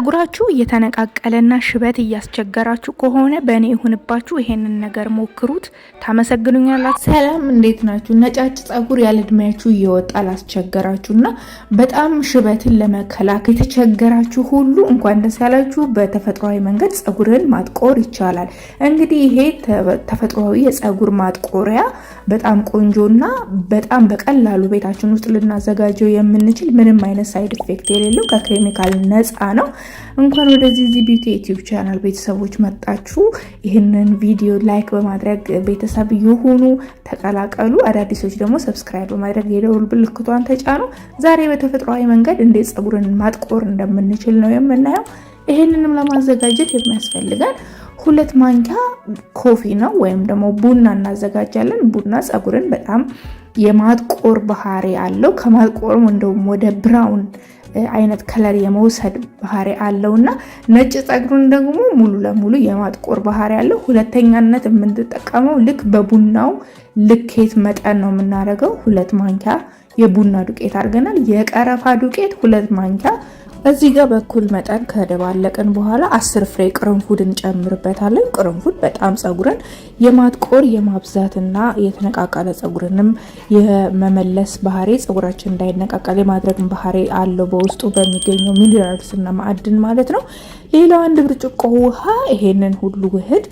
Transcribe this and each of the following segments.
ጸጉራችሁ እየተነቃቀለና ሽበት እያስቸገራችሁ ከሆነ በእኔ ይሁንባችሁ፣ ይሄንን ነገር ሞክሩት፣ ታመሰግኑኛላችሁ። ሰላም፣ እንዴት ናችሁ? ነጫጭ ጸጉር ያለ እድሜያችሁ እየወጣ ላስቸገራችሁ እና በጣም ሽበትን ለመከላከል የተቸገራችሁ ሁሉ እንኳን ደስ ያላችሁ። በተፈጥሯዊ መንገድ ጸጉርን ማጥቆር ይቻላል። እንግዲህ ይሄ ተፈጥሯዊ የጸጉር ማጥቆሪያ በጣም ቆንጆ እና በጣም በቀላሉ ቤታችን ውስጥ ልናዘጋጀው የምንችል ምንም አይነት ሳይድ ኢፌክት የሌለው ከኬሚካል ነፃ ነው። እንኳን ወደዚህ ዚ ቢዩቲ ዩቲዩብ ቻናል ቤተሰቦች መጣችሁ። ይህንን ቪዲዮ ላይክ በማድረግ ቤተሰብ የሆኑ ተቀላቀሉ። አዳዲሶች ደግሞ ሰብስክራይብ በማድረግ የደውል ምልክቷን ተጫኑ። ዛሬ በተፈጥሯዊ መንገድ እንዴት ፀጉርን ማጥቆር እንደምንችል ነው የምናየው። ይህንንም ለማዘጋጀት የሚያስፈልገን ሁለት ማንኪያ ኮፊ ነው ወይም ደግሞ ቡና እናዘጋጃለን። ቡና ፀጉርን በጣም የማጥቆር ባህሪ አለው። ከማጥቆርም እንደውም ወደ ብራውን አይነት ከለር የመውሰድ ባህሪ አለው እና ነጭ ጸጉሩን ደግሞ ሙሉ ለሙሉ የማጥቆር ባህሪ አለው። ሁለተኛነት የምንጠቀመው ልክ በቡናው ልኬት መጠን ነው የምናደርገው። ሁለት ማንኪያ የቡና ዱቄት አድርገናል። የቀረፋ ዱቄት ሁለት ማንኪያ እዚህ ጋር በኩል መጠን ከደባለቅን በኋላ አስር ፍሬ ቅርንፉድ እንጨምርበታለን። ቅርንፉድ በጣም ፀጉርን የማጥቆር የማብዛትና የተነቃቀለ ፀጉርንም የመመለስ ባህሪ ፀጉራችን እንዳይነቃቀል የማድረግ ባህሪ አለው በውስጡ በሚገኘው ሚኒራልስና ማዕድን ማለት ነው። ሌላው አንድ ብርጭቆ ውሃ ይሄንን ሁሉ ውህድ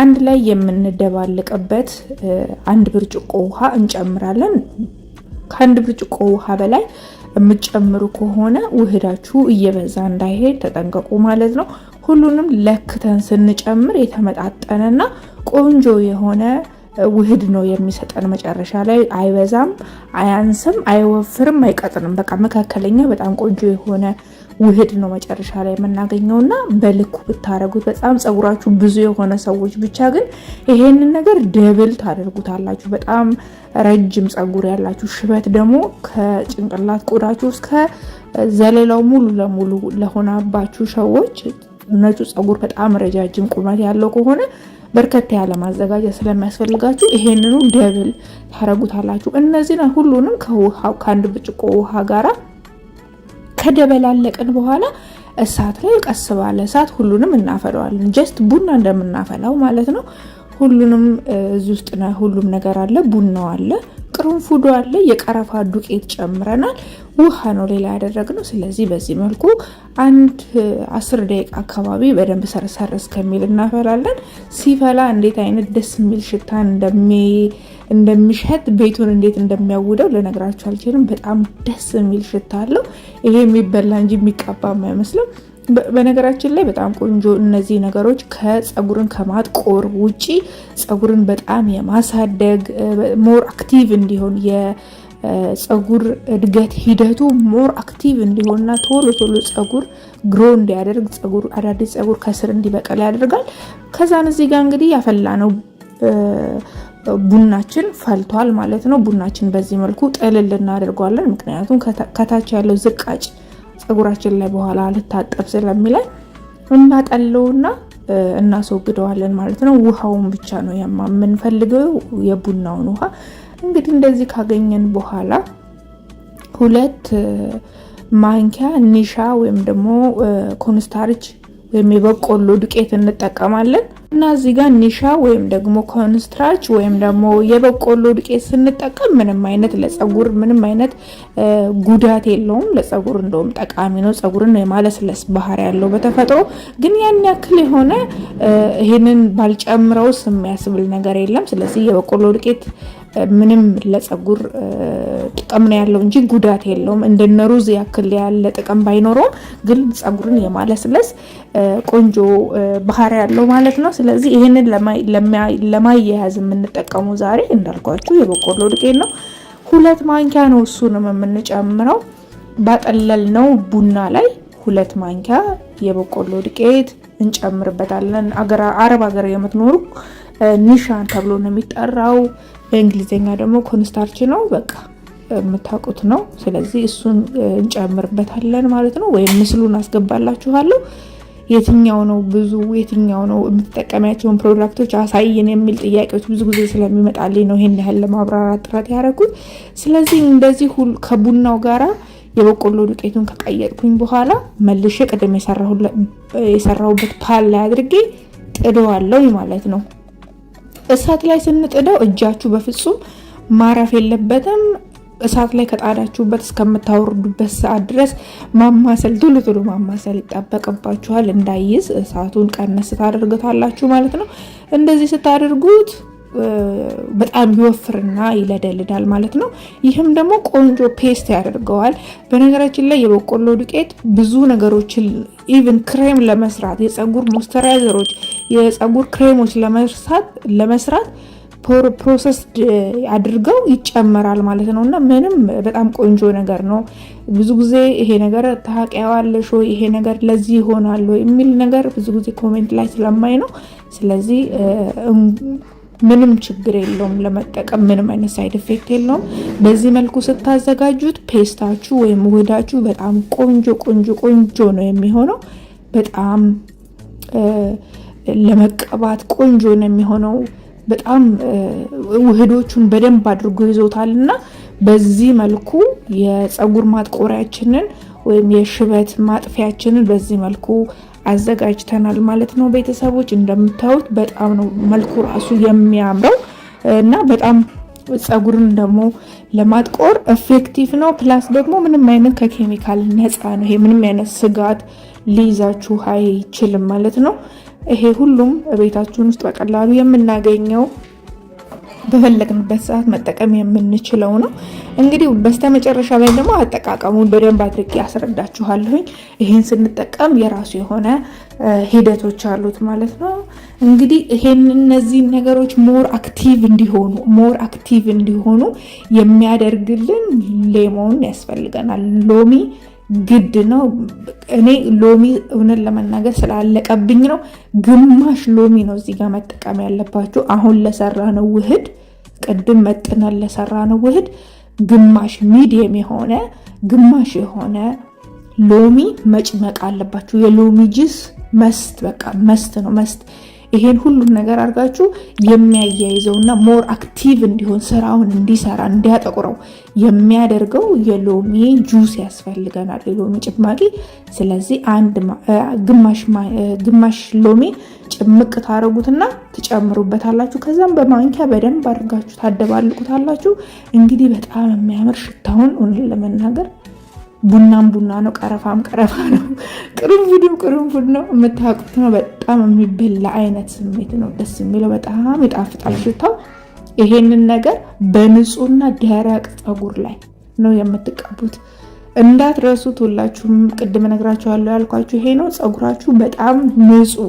አንድ ላይ የምንደባልቅበት አንድ ብርጭቆ ውሃ እንጨምራለን። ከአንድ ብርጭቆ ውሃ በላይ የምትጨምሩ ከሆነ ውህዳችሁ እየበዛ እንዳይሄድ ተጠንቀቁ ማለት ነው። ሁሉንም ለክተን ስንጨምር የተመጣጠነና ቆንጆ የሆነ ውህድ ነው የሚሰጠን። መጨረሻ ላይ አይበዛም፣ አያንስም፣ አይወፍርም፣ አይቀጥንም። በቃ መካከለኛ በጣም ቆንጆ የሆነ ውህድ ነው መጨረሻ ላይ የምናገኘው እና በልኩ ብታደረጉት በጣም ፀጉራችሁ ብዙ የሆነ ሰዎች ብቻ ግን ይሄንን ነገር ደብል ታደርጉታላችሁ። በጣም ረጅም ፀጉር ያላችሁ ሽበት ደግሞ ከጭንቅላት ቆዳችሁ እስከ ዘለላው ሙሉ ለሙሉ ለሆናባችሁ ሰዎች ነጩ ፀጉር በጣም ረጃጅም ቁመት ያለው ከሆነ በርከታ ያለ ማዘጋጀት ስለሚያስፈልጋችሁ ይሄንኑ ደብል ታደረጉታላችሁ። እነዚህን ሁሉንም ከአንድ ብርጭቆ ውሃ ጋራ ከደበላለቅን በኋላ እሳት ላይ ቀስ ባለ እሳት ሁሉንም እናፈለዋለን። ጀስት ቡና እንደምናፈላው ማለት ነው። ሁሉንም እዚህ ውስጥ ሁሉም ነገር አለ። ቡናው አለ፣ ቅርንፉዱ አለ፣ የቀረፋ ዱቄት ጨምረናል። ውሃ ነው ሌላ ያደረግነው። ስለዚህ በዚህ መልኩ አንድ አስር ደቂቃ አካባቢ በደንብ ሰርሰር እስከሚል እናፈላለን። ሲፈላ እንዴት አይነት ደስ የሚል ሽታን እንደሚ እንደሚሸት ቤቱን እንዴት እንደሚያውደው ልነግራችሁ አልችልም። በጣም ደስ የሚል ሽታ አለው። ይሄ የሚበላ እንጂ የሚቀባ አይመስልም። በነገራችን ላይ በጣም ቆንጆ እነዚህ ነገሮች ከፀጉርን ከማጥቆር ውጪ ፀጉርን በጣም የማሳደግ ሞር አክቲቭ እንዲሆን የፀጉር እድገት ሂደቱ ሞር አክቲቭ እንዲሆንና ቶሎ ቶሎ ፀጉር ግሮ እንዲያደርግ ጸጉር አዳዲስ ፀጉር ከስር እንዲበቀል ያደርጋል። ከዛን እዚህ ጋር እንግዲህ ያፈላ ነው ቡናችን ፈልቷል ማለት ነው። ቡናችን በዚህ መልኩ ጥልል እናደርገዋለን። ምክንያቱም ከታች ያለው ዝቃጭ ፀጉራችን ላይ በኋላ ልታጠብ ስለሚለን እናጠለውና እናስወግደዋለን ማለት ነው። ውሃውን ብቻ ነው የምንፈልገው የቡናውን ውሃ። እንግዲህ እንደዚህ ካገኘን በኋላ ሁለት ማንኪያ ኒሻ ወይም ደግሞ ኮንስታርች ወይም የበቆሎ ዱቄት እንጠቀማለን እና እዚህ ጋር ኒሻ ወይም ደግሞ ኮንስትራች ወይም ደግሞ የበቆሎ ዱቄት ስንጠቀም ምንም አይነት ለጸጉር ምንም አይነት ጉዳት የለውም። ለጸጉር እንደውም ጠቃሚ ነው። ጸጉርን የማለስለስ ባህሪ ያለው በተፈጥሮ ግን ያን ያክል የሆነ ይህንን ባልጨምረውስ የሚያስብል ነገር የለም። ስለዚህ የበቆሎ ዱቄት ምንም ለፀጉር ጥቅም ነው ያለው እንጂ ጉዳት የለውም። እንደነ ሩዝ ያክል ያለ ጥቅም ባይኖረውም ግን ፀጉርን የማለስለስ ቆንጆ ባህሪ ያለው ማለት ነው። ስለዚህ ይህንን ለማያያዝ የምንጠቀመው ዛሬ እንዳልኳችሁ የበቆሎ ዱቄት ነው። ሁለት ማንኪያ ነው እሱንም የምንጨምረው ባጠለል ነው ቡና ላይ ሁለት ማንኪያ የበቆሎ ዱቄት እንጨምርበታለን። አረብ ሀገር የምትኖሩ ኒሻን ተብሎ ነው የሚጠራው በእንግሊዝኛ ደግሞ ኮንስታርች ነው በቃ የምታውቁት ነው። ስለዚህ እሱን እንጨምርበታለን ማለት ነው። ወይም ምስሉን አስገባላችኋለሁ የትኛው ነው ብዙ የትኛው ነው የምትጠቀሚያቸውን ፕሮዳክቶች አሳይን የሚል ጥያቄዎች ብዙ ጊዜ ስለሚመጣልኝ ነው ይሄን ያህል ለማብራራት ጥረት ያደረጉት። ስለዚህ እንደዚህ ከቡናው ጋራ የበቆሎ ዱቄቱን ከቀየጥኩኝ በኋላ መልሼ ቅድም የሰራሁበት ፓል ላይ አድርጌ ጥደዋለሁ ማለት ነው። እሳት ላይ ስንጥደው እጃችሁ በፍጹም ማረፍ የለበትም። እሳት ላይ ከጣዳችሁበት እስከምታወርዱበት ሰዓት ድረስ ማማሰል ቶሎ ቶሎ ማማሰል ይጠበቅባችኋል። እንዳይዝ እሳቱን ቀነስ ታደርጉታላችሁ ማለት ነው። እንደዚህ ስታደርጉት በጣም ይወፍርና ይለደልዳል ማለት ነው። ይህም ደግሞ ቆንጆ ፔስት ያደርገዋል። በነገራችን ላይ የበቆሎ ዱቄት ብዙ ነገሮችን ኢቭን ክሬም ለመስራት የፀጉር ሞስተራይዘሮች፣ የፀጉር ክሬሞች ለመስራት ፕሮሰስ አድርገው ይጨመራል ማለት ነው እና ምንም በጣም ቆንጆ ነገር ነው። ብዙ ጊዜ ይሄ ነገር ታውቂዋለሽ ወይ ይሄ ነገር ለዚህ ይሆናል ወይ የሚል ነገር ብዙ ጊዜ ኮሜንት ላይ ስለማይ ነው። ስለዚህ ምንም ችግር የለውም ለመጠቀም ምንም አይነት ሳይድ ኢፌክት የለውም። በዚህ መልኩ ስታዘጋጁት ፔስታችሁ ወይም ውህዳችሁ በጣም ቆንጆ ቆንጆ ቆንጆ ነው የሚሆነው። በጣም ለመቀባት ቆንጆ ነው የሚሆነው። በጣም ውህዶቹን በደንብ አድርጎ ይዞታል እና በዚህ መልኩ የፀጉር ማጥቆሪያችንን ወይም የሽበት ማጥፊያችንን በዚህ መልኩ አዘጋጅተናል ማለት ነው። ቤተሰቦች እንደምታዩት በጣም ነው መልኩ ራሱ የሚያምረው እና በጣም ፀጉርን ደግሞ ለማጥቆር ኤፌክቲቭ ነው። ፕላስ ደግሞ ምንም አይነት ከኬሚካል ነፃ ነው። ይሄ ምንም አይነት ስጋት ሊይዛችሁ አይችልም ማለት ነው። ይሄ ሁሉም ቤታችሁን ውስጥ በቀላሉ የምናገኘው በፈለግንበት ሰዓት መጠቀም የምንችለው ነው። እንግዲህ በስተመጨረሻ ላይ ደግሞ አጠቃቀሙን በደንብ አድርጌ ያስረዳችኋለሁኝ። ይህን ስንጠቀም የራሱ የሆነ ሂደቶች አሉት ማለት ነው። እንግዲህ ይሄን እነዚህን ነገሮች ሞር አክቲቭ እንዲሆኑ ሞር አክቲቭ እንዲሆኑ የሚያደርግልን ሌሞን ያስፈልገናል ሎሚ ግድ ነው። እኔ ሎሚ እውነት ለመናገር ስላለቀብኝ ነው። ግማሽ ሎሚ ነው እዚህ ጋር መጠቀም ያለባችሁ። አሁን ለሰራ ነው ውህድ፣ ቅድም መጥነን ለሰራ ነው ውህድ ግማሽ ሚዲየም የሆነ ግማሽ የሆነ ሎሚ መጭመቅ አለባችሁ። የሎሚ ጅስ መስት በቃ መስት ነው መስት ይሄን ሁሉን ነገር አድርጋችሁ የሚያያይዘውና ሞር አክቲቭ እንዲሆን ስራውን እንዲሰራ እንዲያጠቁረው የሚያደርገው የሎሚ ጁስ ያስፈልገናል፣ የሎሚ ጭማቂ። ስለዚህ አንድ ግማሽ ሎሚ ጭምቅ ታረጉትና ትጨምሩበታላችሁ። ከዛም በማንኪያ በደንብ አድርጋችሁ ታደባልቁታላችሁ። እንግዲህ በጣም የሚያምር ሽታውን እውነት ለመናገር ቡናም ቡና ነው፣ ቀረፋም ቀረፋ ነው፣ ቅርንፉድም ቅርንፉድ ነው። የምታውቁት ነው። በጣም የሚበላ አይነት ስሜት ነው። ደስ የሚለው በጣም ይጣፍጣል ሽታው። ይሄንን ነገር በንጹህና ደረቅ ፀጉር ላይ ነው የምትቀቡት። እንዳትረሱት ሁላችሁም። ቅድም እነግራችኋለሁ ያልኳችሁ ይሄ ነው። ፀጉራችሁ በጣም ንጹህ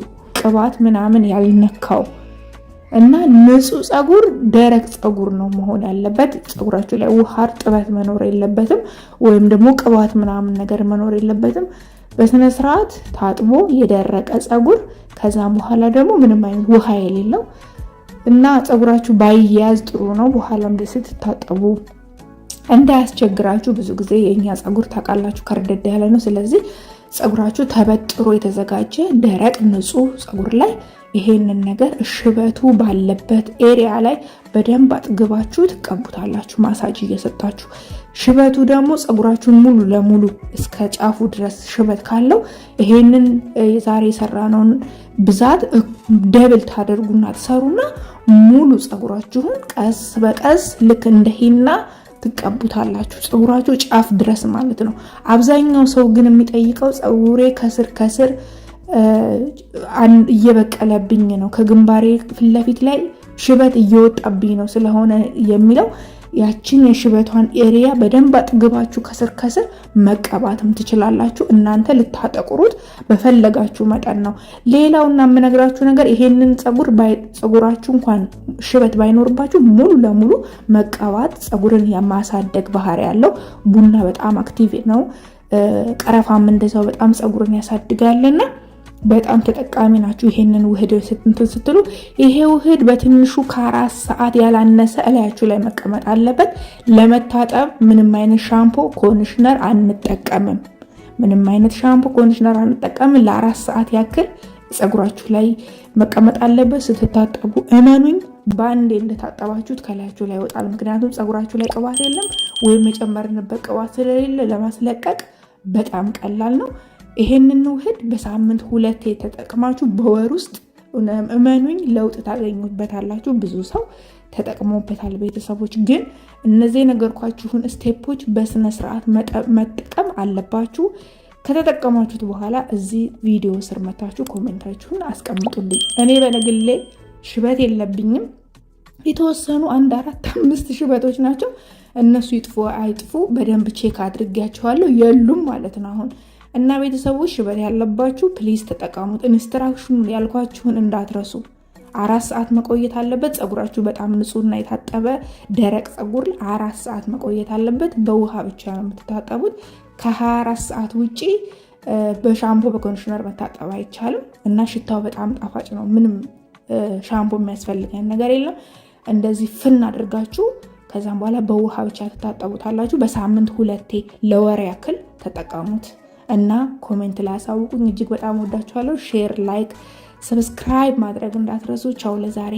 ቅባት ምናምን ያልነካው እና ንጹህ ፀጉር ደረቅ ፀጉር ነው መሆን ያለበት። ፀጉራችሁ ላይ ውሃ እርጥበት መኖር የለበትም፣ ወይም ደግሞ ቅባት ምናምን ነገር መኖር የለበትም። በስነ ስርዓት ታጥቦ የደረቀ ፀጉር ከዛም በኋላ ደግሞ ምንም አይነት ውሃ የሌለው እና ፀጉራችሁ ባያያዝ ጥሩ ነው። በኋላም ስትታጠቡ እንዳያስቸግራችሁ። ብዙ ጊዜ የእኛ ፀጉር ታውቃላችሁ ከርደድ ያለ ነው። ስለዚህ ፀጉራችሁ ተበጥሮ የተዘጋጀ ደረቅ ንጹህ ፀጉር ላይ ይሄንን ነገር ሽበቱ ባለበት ኤሪያ ላይ በደንብ አጥግባችሁ ትቀቡታላችሁ፣ ማሳጅ እየሰጣችሁ። ሽበቱ ደግሞ ፀጉራችሁን ሙሉ ለሙሉ እስከ ጫፉ ድረስ ሽበት ካለው ይሄንን ዛሬ የሰራነውን ብዛት ደብል ታደርጉና ትሰሩና ሙሉ ፀጉራችሁን ቀስ በቀስ ልክ እንደ ሂና ትቀቡታላችሁ ፀጉራችሁ ጫፍ ድረስ ማለት ነው። አብዛኛው ሰው ግን የሚጠይቀው ፀጉሬ ከስር ከስር እየበቀለብኝ ነው ከግንባሬ ፊት ለፊት ላይ ሽበት እየወጣብኝ ነው ስለሆነ የሚለው ያችን የሽበቷን ኤሪያ በደንብ አጥግባችሁ ከስር ከስር መቀባትም ትችላላችሁ። እናንተ ልታጠቁሩት በፈለጋችሁ መጠን ነው። ሌላውና የምነግራችሁ ነገር ይሄንን ፀጉር ፀጉራችሁ እንኳን ሽበት ባይኖርባችሁ ሙሉ ለሙሉ መቀባት ፀጉርን የማሳደግ ባህሪ ያለው ቡና በጣም አክቲቭ ነው። ቀረፋም እንደዛው በጣም ፀጉርን ያሳድጋልና በጣም ተጠቃሚ ናችሁ። ይሄንን ውህድ ስትንትን ስትሉ ይሄ ውህድ በትንሹ ከአራት ሰዓት ያላነሰ እላያችሁ ላይ መቀመጥ አለበት። ለመታጠብ ምንም አይነት ሻምፖ ኮንዲሽነር አንጠቀምም። ምንም አይነት ሻምፖ ኮንዲሽነር አንጠቀምም። ለአራት ሰዓት ያክል ፀጉራችሁ ላይ መቀመጥ አለበት። ስትታጠቡ እመኑኝ፣ በአንዴ እንደታጠባችሁት ከላያችሁ ላይ ይወጣል። ምክንያቱም ፀጉራችሁ ላይ ቅባት የለም ወይም የጨመርንበት ቅባት ስለሌለ ለማስለቀቅ በጣም ቀላል ነው። ይሄንን ውህድ በሳምንት ሁለቴ ተጠቅማችሁ በወር ውስጥ እመኑኝ ለውጥ ታገኙበታላችሁ። ብዙ ሰው ተጠቅሞበታል። ቤተሰቦች ግን እነዚህ የነገርኳችሁን ስቴፖች በስነ ስርዓት መጠቀም አለባችሁ። ከተጠቀማችሁት በኋላ እዚህ ቪዲዮ ስር መታችሁ ኮሜንታችሁን አስቀምጡልኝ። እኔ በነግሌ ሽበት የለብኝም። የተወሰኑ አንድ አራት አምስት ሽበቶች ናቸው። እነሱ ይጥፉ አይጥፉ በደንብ ቼክ አድርጊያቸዋለሁ። የሉም ማለት ነው አሁን እና ቤተሰቦች ሽበት ያለባችሁ ፕሊዝ ተጠቀሙት። ኢንስትራክሽኑ ያልኳችሁን እንዳትረሱ። አራት ሰዓት መቆየት አለበት። ፀጉራችሁ በጣም ንጹህና የታጠበ ደረቅ ፀጉር አራት ሰዓት መቆየት አለበት። በውሃ ብቻ ነው የምትታጠቡት። ከ24 ሰዓት ውጪ በሻምፖ በኮንዲሽነር መታጠብ አይቻልም እና ሽታው በጣም ጣፋጭ ነው። ምንም ሻምፖ የሚያስፈልገን ነገር የለም። እንደዚህ ፍን አድርጋችሁ ከዛም በኋላ በውሃ ብቻ ትታጠቡታላችሁ። በሳምንት ሁለቴ ለወር ያክል ተጠቀሙት። እና ኮሜንት ላይ አሳውቁኝ። እጅግ በጣም ወዳችኋለሁ። ሼር፣ ላይክ፣ ሰብስክራይብ ማድረግ እንዳትረሱ። ቻው ለዛሬ